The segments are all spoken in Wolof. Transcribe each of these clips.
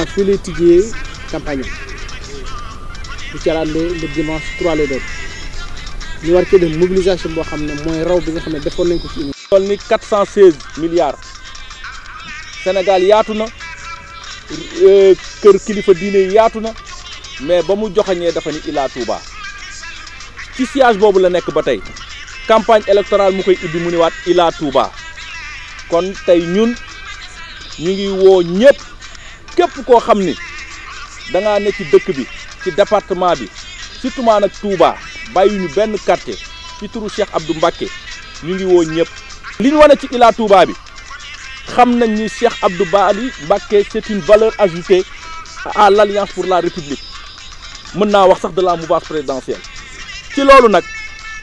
Moussa fii lay tijjee campagne am bu caraat le dimanche 3 lay doon war cee def mobilisation boo xam ne mooy raw bi nga xam ne defoon nañ ko fi indi. toll ni 416 milliards yaatu na euh, kër kilifa diine yaatu na mais ba mu joxañee dafa ni Ila Touba ci siège boobu la nekk ba tey campagne électorale mu koy ibbi mu ni waat Ila Touba kon tey ñun ñu ngi woo ñëpp. képp koo xam ni da ngaa ne ci dëkk bi ci département bi surtout maa nag bàyyi ñu benn quartier ci turu Cheikh Abdou Mbacké ñu ngi woo ñëpp. li ñu wane ci Ila Touba bi xam nañ ni Cheikh Abdou Bali Mbacké c'est une valeur ajoutée à l'Alliance pour la République mën naa wax sax de la mouvance présidentielle ci loolu nag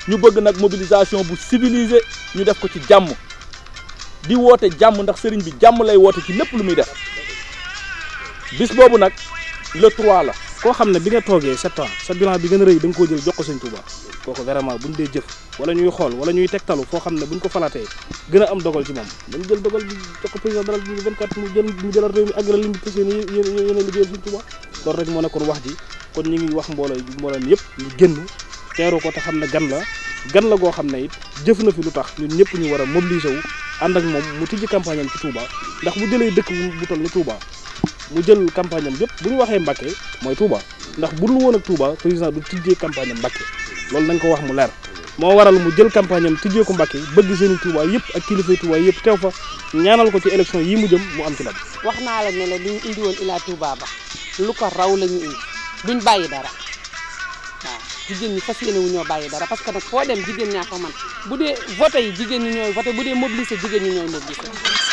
ñu bëgg nag mobilisation bu civilisée ñu def ko ci jàmm di woote jàmm ndax sëriñ bi jàmm lay woote ci lépp lu muy def. bis boobu nag le 3 la koo xam ne bi nga toogee sept ans sa bilan bi gën a rëy da nga koo jël jox ko sëñ Touba kooku vraiment buñ dee jëf wala ñuy xool wala ñuy tegtalu foo xam ne bu buñ ko falaatee gën a am dogal ci moom dañ jël dogal bi jox ko président dalal bi ñu 24 mu jël mu jëlal réew mi aggra lim bi moo nekkoon wax ji kon ñu ngi ko te xam ne gan la gan la goo xam ne it jëf na fi lu tax ñun ñëpp ñu war a mobiliser wu ànd ak moom mu tijji campagne am ci Touba ndax bu jëlee dëkk bu toll ni Touba mu jël campagne am yëpp bu ñu waxee Mbacke mooy Touba ndax bu dul woon ak Touba président du tijjee campagne am Mbacke loolu nañ ko wax mu leer moo waral mu jël campagne am tijjee ko Mbacke bëgg seeni Touba yëpp ak kilifa Touba yëpp teew fa ñaanal ko ci élection yi mu jëm mu am ci ndam. wax naa la ne la li ñu indi woon Ila Touba ba lu ko raw la ñu indi duñ bàyyi dara waaw jigéen ñi fas yéene wu ñoo bàyyi dara parce que nag foo dem jigéen ñaa ko man bu dee voté yi jigéen ñi ñooy voté bu dee mobilisé jigéen ñi